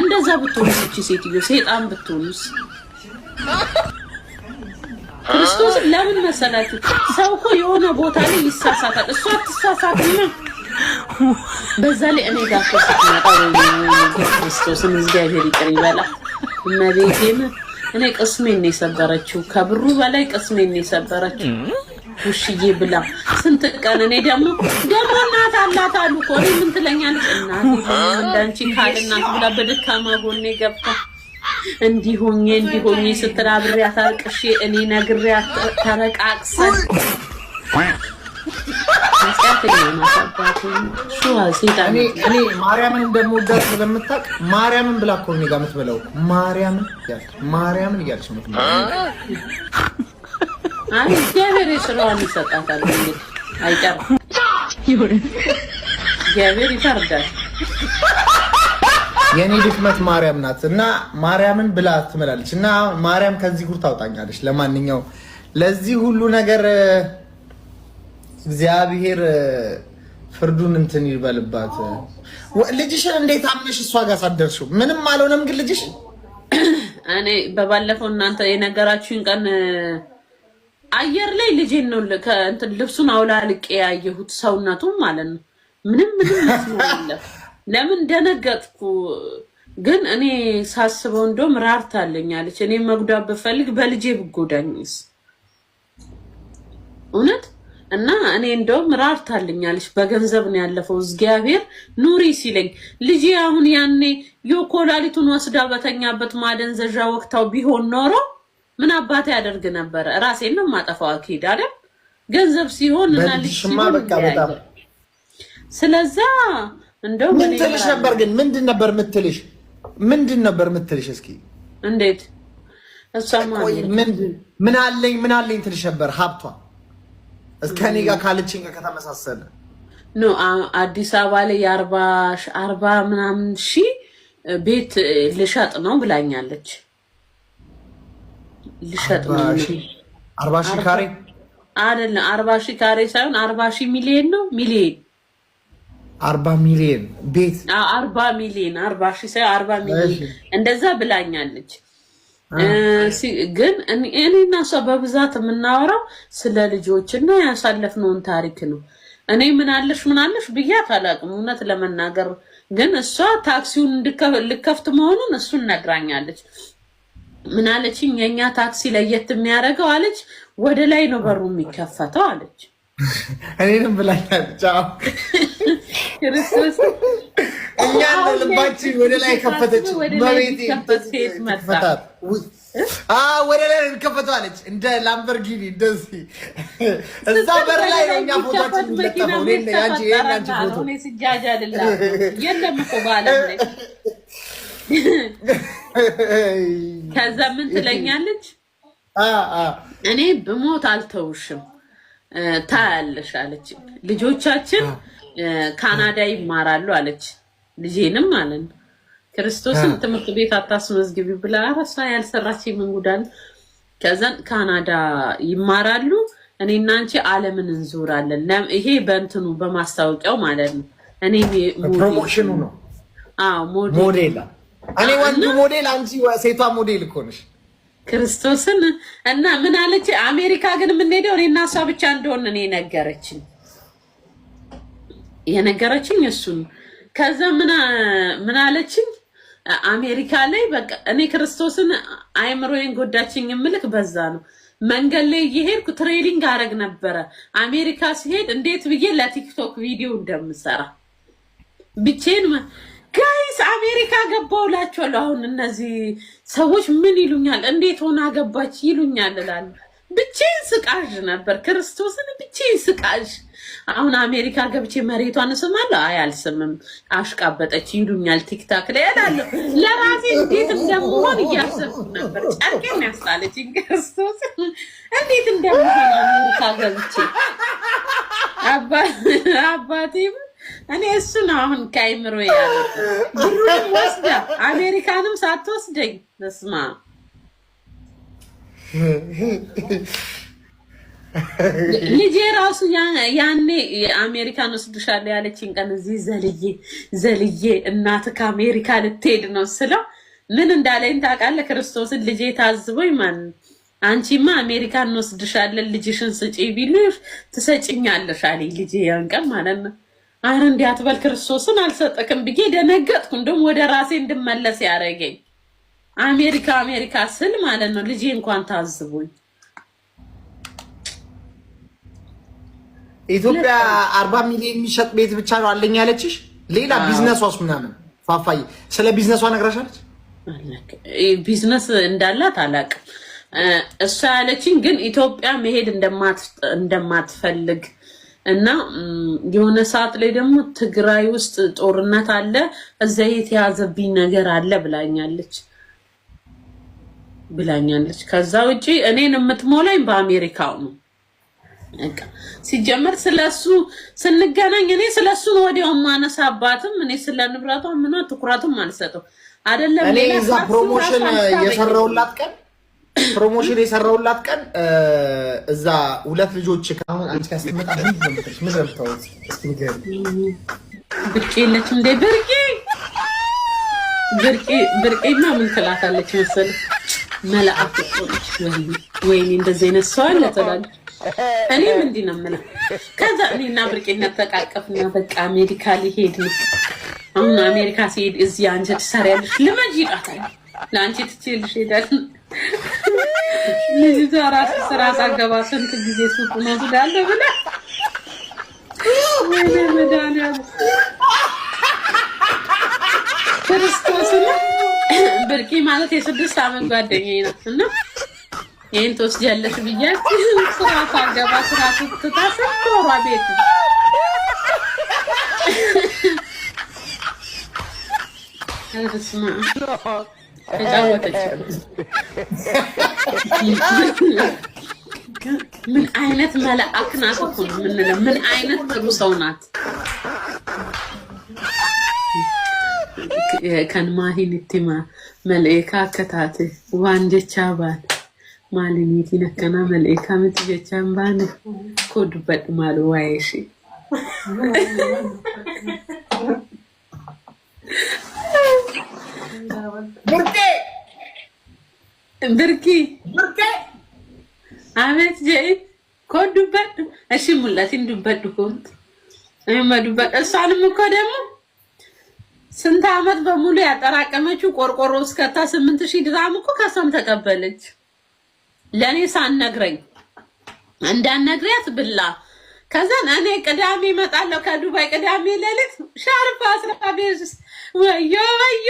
እንደዛ ብትሆኑች ሴትዮ ሴጣን ብትሆኑስ? ክርስቶስ ለምን መሰላችሁ? ሰው እኮ የሆነ ቦታ ላይ ይሳሳታል። እሷ አትሳሳትና በዛ ላይ እኔ ጋር እኮ ክርስቶስን እግዚአብሔር ይቅር ይበላ እመቤቴን። እኔ ቅስሜን ነው የሰበረችው፣ ከብሩ በላይ ቅስሜን ነው የሰበረችው። ውሽዬ ብላ ስንት ቀን እኔ ደግሞ ደግሞ እናት አላት አሉ እኮ እኔ ምን ትለኛለች? እናት እንዳንቺ ካልናት ብላ በደካማ ጎኔ ገብታ እንዲሆኜ እንዲሆኜ ስትል አብሬያት አልቅሼ እኔ ነግሬያት ተረቃቅሰን እኔ ማርያምን እንደምወዳት ስለምታውቅ ማርያምን ብላ እኮ እኔ ጋር የምትበላው ማርያምን ማርያምን እያለች አይ እግዚአብሔር የስራዋን ይሰጣታል። እንግዲህ አይቀርም፣ እግዚአብሔር ይፈርዳል። የእኔ ድክመት ማርያም ናት እና ማርያምን ብላ ትመላለች እና ማርያም ከዚህ ጉር ታውጣኛለች። ለማንኛው ለዚህ ሁሉ ነገር እግዚአብሔር ፍርዱን እንትን ይበልባት። ልጅሽን እንዴት አምነሽ እሷ ጋር ሳደርሽው? ምንም አልሆነም። ግን ልጅሽ እኔ በባለፈው እናንተ የነገራችሁን ቀን አየር ላይ ልጄን ነው ልብሱን አውላልቄ ያየሁት። ሰውነቱ ማለት ነው ምንም ምንም መስለ ለምን ደነገጥኩ? ግን እኔ ሳስበው እንደውም ራርታለኛለች። እኔ መጉዳት ብፈልግ በልጄ ብጎዳኝስ? እውነት እና እኔ እንደውም ራርታልኛለች። በገንዘብ ነው ያለፈው። እግዚአብሔር ኑሪ ሲለኝ ልጄ አሁን ያኔ የኮላሊቱን ወስዳ በተኛበት ማደንዘዣ ወቅታው ቢሆን ኖረው ምን አባቴ ያደርግ ነበረ? ራሴን ነው ማጠፋው። አኪድ አይደል ገንዘብ ሲሆን እና ልጅ ሲሆን ስለዛ እንደው ምን ትልሽ ነበር? ግን ምንድን ነበር ምትልሽ? ምንድን ነበር ምትልሽ? እስኪ እንዴት እሷ ምን አለኝ ምን አለኝ ትልሽ ነበር? ሀብቷ እስከ ጋር ካለችኝ ጋር ከተመሳሰለ ኖ አዲስ አበባ ላይ የአርባ ምናምን ሺህ ቤት ልሸጥ ነው ብላኛለች። ልሸጥ ነው። አርባ ሺህ ካሬ አይደለም፣ አርባ ሺህ ካሬ ሳይሆን አርባ ሺህ ሚሊየን ነው። ሚሊየን አርባ ሚሊየን ቤት አርባ ሚሊየን አርባ ሺህ ሳይሆን አርባ ሚሊየን እንደዛ ብላኛለች። ግን እሷ በብዛት የምናወራው ስለ ልጆችና ያሳለፍነውን ታሪክ ነው። እኔ ምናለሽ ምናለሽ ብያት አላውቅም እውነት ለመናገር ግን እሷ ታክሲውን ልከፍት መሆኑን እሱን ነግራኛለች። ምን አለችኝ? የእኛ ታክሲ ለየት የሚያደርገው አለች፣ ወደ ላይ ነው በሩ የሚከፈተው አለች። እኔንም ብላኛለች። ክርስቶስ እኛ ልባችን ወደ ላይ ከፈተች። ወደ ላይ የሚከፈተው አለች። እንደ ላምበርጊኒ እንደዚህ እዛ በር ላይ ነው እኛ ፎቶችን የሚለጠፈው። እኔ ስጃጃ የለም እኮ ላይ ከዛ ምን ትለኛለች? እኔ ብሞት አልተውሽም ታያለሽ አለች። ልጆቻችን ካናዳ ይማራሉ አለች። ልጄንም ማለት ነው ክርስቶስን ትምህርት ቤት አታስመዝግቢ ብላ ራሷ ያልሰራች የምንጉዳል ከዛን ካናዳ ይማራሉ። እኔና አንቺ ዓለምን እንዞራለን። ይሄ በእንትኑ በማስታወቂያው ማለት ነው። እኔ ፕሮሞሽኑ ነው ሞዴላ እኔ ወንዱ ሞዴል፣ አንቺ ሴቷ ሞዴል እኮ ነሽ። ክርስቶስን እና ምን አለች? አሜሪካ ግን የምንሄደው እኔ እና እሷ ብቻ እንደሆነ ነው የነገረችኝ የነገረችኝ እሱን። ከዛ ምን አለችኝ? አሜሪካ ላይ በቃ እኔ ክርስቶስን አይምሮዬን ጎዳችኝ። የምልክ በዛ ነው መንገድ ላይ እየሄድኩ ትሬዲንግ አረግ ነበረ። አሜሪካ ሲሄድ እንዴት ብዬ ለቲክቶክ ቪዲዮ እንደምሰራ ብቼን አሜሪካ ገባው እላቸዋለሁ። አሁን እነዚህ ሰዎች ምን ይሉኛል? እንዴት ሆና ገባች ይሉኛል እላለሁ። ብቼን ስቃዥ ነበር፣ ክርስቶስን ብቼን ስቃዥ። አሁን አሜሪካ ገብቼ መሬቷን እስማለሁ። አይ አልስምም፣ አሽቃበጠች ይሉኛል ቲክታክ ላይ እላለሁ። ለራሴ እንዴት እንደምሆን እያሰብኩ ነበር። ጨርቄን ያስጣለችኝ ክርስቶስ፣ እንዴት እንደምሆን አሜሪካ ገብቼ አባቴም እኔ እሱ ነው አሁን ከአይምሮ ያለ ብሩንም ወስደ አሜሪካንም ሳትወስደኝ በስማ ልጄ ራሱ ያኔ አሜሪካን ወስዱሻለሁ ያለችኝ ቀን እዚህ ዘልዬ ዘልዬ እናት ከአሜሪካ ልትሄድ ነው ስለው ምን እንዳለኝ ታውቃለህ? ክርስቶስን ልጄ ታዝቦኝ ማን አንቺማ አሜሪካን እንወስድሻለን ልጅሽን ስጪ ቢሉ ትሰጭኛለሽ አለኝ ልጄ ያን ቀን ማለት ነው። አረ እንዲህ አትበል ክርስቶስን አልሰጠክም ብዬ ደነገጥኩ። እንደውም ወደ ራሴ እንድመለስ ያደረገኝ አሜሪካ አሜሪካ ስል ማለት ነው። ልጄ እንኳን ታዝቡኝ። ኢትዮጵያ አርባ ሚሊዮን የሚሸጥ ቤት ብቻ ነው አለኝ ያለችሽ። ሌላ ቢዝነሷስ ምናምን ፋፋይ ስለ ቢዝነሷ ነግራሻለች? ቢዝነስ እንዳላት አላቅ እሷ ያለችኝ ግን ኢትዮጵያ መሄድ እንደማትፈልግ እና የሆነ ሰዓት ላይ ደግሞ ትግራይ ውስጥ ጦርነት አለ፣ እዛ የተያዘብኝ ነገር አለ ብላኛለች ብላኛለች። ከዛ ውጪ እኔን የምትሞላኝ በአሜሪካው ነው። ሲጀመር ስለሱ ስንገናኝ እኔ ስለሱን ወዲያው ማነሳባትም እኔ ስለ ንብረቷ ምና ትኩረቱም አልሰጠው አደለም። እኔ እዛ ፕሮሞሽን የሰራውላት ቀን ፕሮሞሽን የሰራውላት ቀን እዛ ሁለት ልጆች ከአሁን አንቺ ያስመጣ ብርቄ የለች እንዴ? ብርቄ ብርቄ ብርቄማ ምን ትላታለች መሰለህ? መላእክት ሆነች። ወይኔ እንደዚህ አይነት ሰው አለ ትላለች። እኔም እንዲህ ነው የምልህ። ከዛ እኔና ብርቄ ነጠቃቀፍና በቃ ሜዲካል ሄድ። አሁን አሜሪካ ሲሄድ እዚህ አንቺ ትሰሪያለሽ ልመጅ ይላታል። ለአንቺ ትችልሽ ሄዳል ልጅቷ ራሱ ስራ ሳገባ ስንት ጊዜ ሱቅ ነው ብላለ ብላ ወይኔ መድኃኒዓለም ክርስቶስ ብርቂ ማለት የስድስት አመት ጓደኛዬ ናት እና ይህን ትወስጃለሽ ብያት ስራ ሳገባ ስራ ስትታ ስንት ወሯ ቤት ነው ምን አይነት መላእክ ናት እኮ የምንለው። ምን አይነት ጥሩ ሰው ናት። ከንማሂንቲማ መልኤካ ከታቴ ዋን ጀቻ ባን ማሊኒቲን አከና መልኤካ ምት ጀቻን ባን ኮ ዱበድ ማሉ ዋይሺ ብርቄ ብርቂ ብርቄ አመት ጀይ ኮዱበት እሺ ሙላት እንዱበት ኮንት እማዱበት እሷንም እኮ ደግሞ ስንት አመት በሙሉ ያጠራቀመችው ቆርቆሮ እስከታ ስምንት ሺህ ድራም እኮ ከሷም ተቀበለች። ለኔ ሳነግረኝ እንዳነግሪያት ብላ ከዛን እኔ ቅዳሜ እመጣለሁ ከዱባይ ቅዳሜ ሌሊት ሻርፕ አስራ ቤት ውስጥ ወዮ ወዮ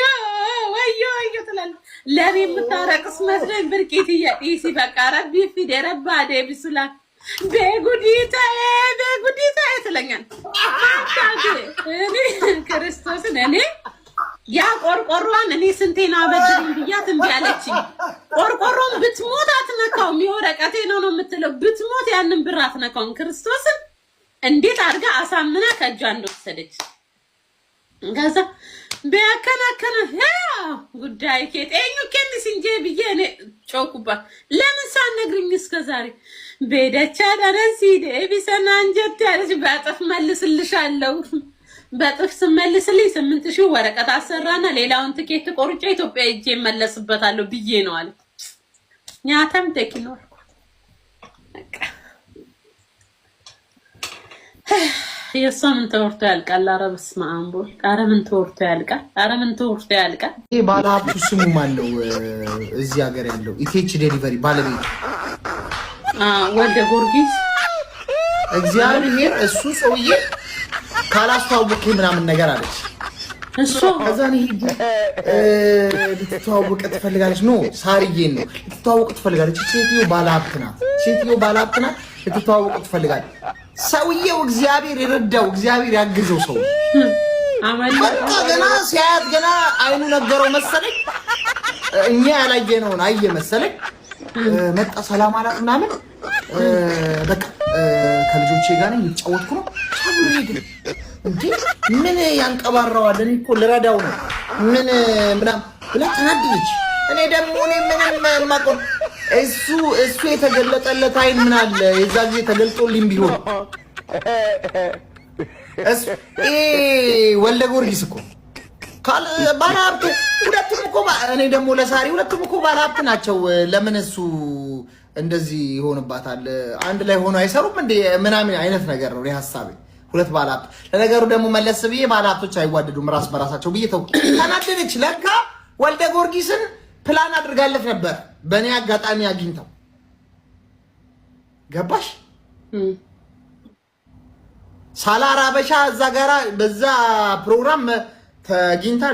ወዮ ወዮ ትላለ። ለእኔ የምታረቅስ መስለኝ ብርቂት እያጢስ በቃ ረቢ ፊዴ ረባ ደ ብሱላ ቤጉዲታ ቤጉዲታ ትለኛል። እኔ ክርስቶስን እኔ ያ ቆርቆሯን እኔ ስንቴና በድሪን ብያት እምቢ አለችኝ። ቆርቆሮን ብትሞት አትነካውም፣ የወረቀቴ ነው ነው የምትለው። ብትሞት ያንን ብር አትነካውም ክርስቶስን እንዴት አድርጋ አሳምና ከእጇ እንደወሰደች ከዛ ቢያከናከና ጉዳይ ኬጤኙ ኬሚስ እንጂ ብዬ እኔ ጮኩባት። ለምን ሳነግርኝ እስከ ዛሬ ቤደቻ ደረሲ ቢሰና እንጀት ያለች በጥፍ መልስልሻለሁ። በጥፍ ስመልስልኝ ስምንት ሺህ ወረቀት አሰራና ሌላውን ትኬት ቆርጬ ኢትዮጵያ ሂጄ እመለስበታለሁ ብዬ ነው አለ። ኛተም ተኪኖር በቃ የእሷ ምን ተወርቶ ያልቃል? ኧረ በስመ አብ ወልድ። ኧረ ምን ተወርቶ ያልቃል? ኧረ ምን ተወርቶ ያልቃል? ይሄ ባለሀብቱ ስሙም አለው እዚህ ሀገር ያለው ኢቴች ዴሊቨሪ ባለቤት ወደ ጊዮርጊስ እግዚአብሔር እሱ ሰውዬ ካላስተዋወቅ ምናምን ነገር አለች። እሱ ከዛን ይሄ ልትተዋወቀ ትፈልጋለች። ኖ ሳርዬን ነው ልትተዋወቅ ትፈልጋለች። ሴትዮ ባለሀብት ናት። ሴትዮ ባለሀብት ናት። ልትተዋወቁ ትፈልጋል። ሰውየው እግዚአብሔር የረዳው እግዚአብሔር ያግዘው ሰው በቃ ገና ሲያያት ገና አይኑ ነገረው መሰለኝ። እኛ ያላየነውን አየ መሰለኝ። መጣ ሰላም አላት ምናምን በቃ ከልጆቼ ጋር ነኝ እየተጫወትኩ ነው። እንዴ ምን ያንቀባራዋል? እኔ እኮ ልረዳው ነው ምን ምናምን ብላ ተናደደች። እኔ ደግሞ እኔ ምንም የማውቀው እሱ እሱ የተገለጠለት አይን ምን አለ የዛ ጊዜ ተገልጦልኝ ቢሆን ወልደ ጊዮርጊስ እኮ ባለሀብት ሁለቱም እኮ እኔ ደግሞ ለሳሪ ሁለቱም እኮ ባለሀብት ናቸው። ለምን እሱ እንደዚህ ይሆንባታል? አንድ ላይ ሆኖ አይሰሩም እንደ ምናምን አይነት ነገር ነው ሀሳቤ። ሁለት ባለሀብት ለነገሩ ደግሞ መለስ ብዬ ባለሀብቶች አይዋደዱም ራስ በራሳቸው ብዬ ተው ተናደደች። ለካ ወልደ ጊዮርጊስን ፕላን አድርጋለት ነበር። በእኔ አጋጣሚ አግኝተው ገባሽ ሳላ ራበሻ እዛ ጋራ በዛ ፕሮግራም ተግኝታ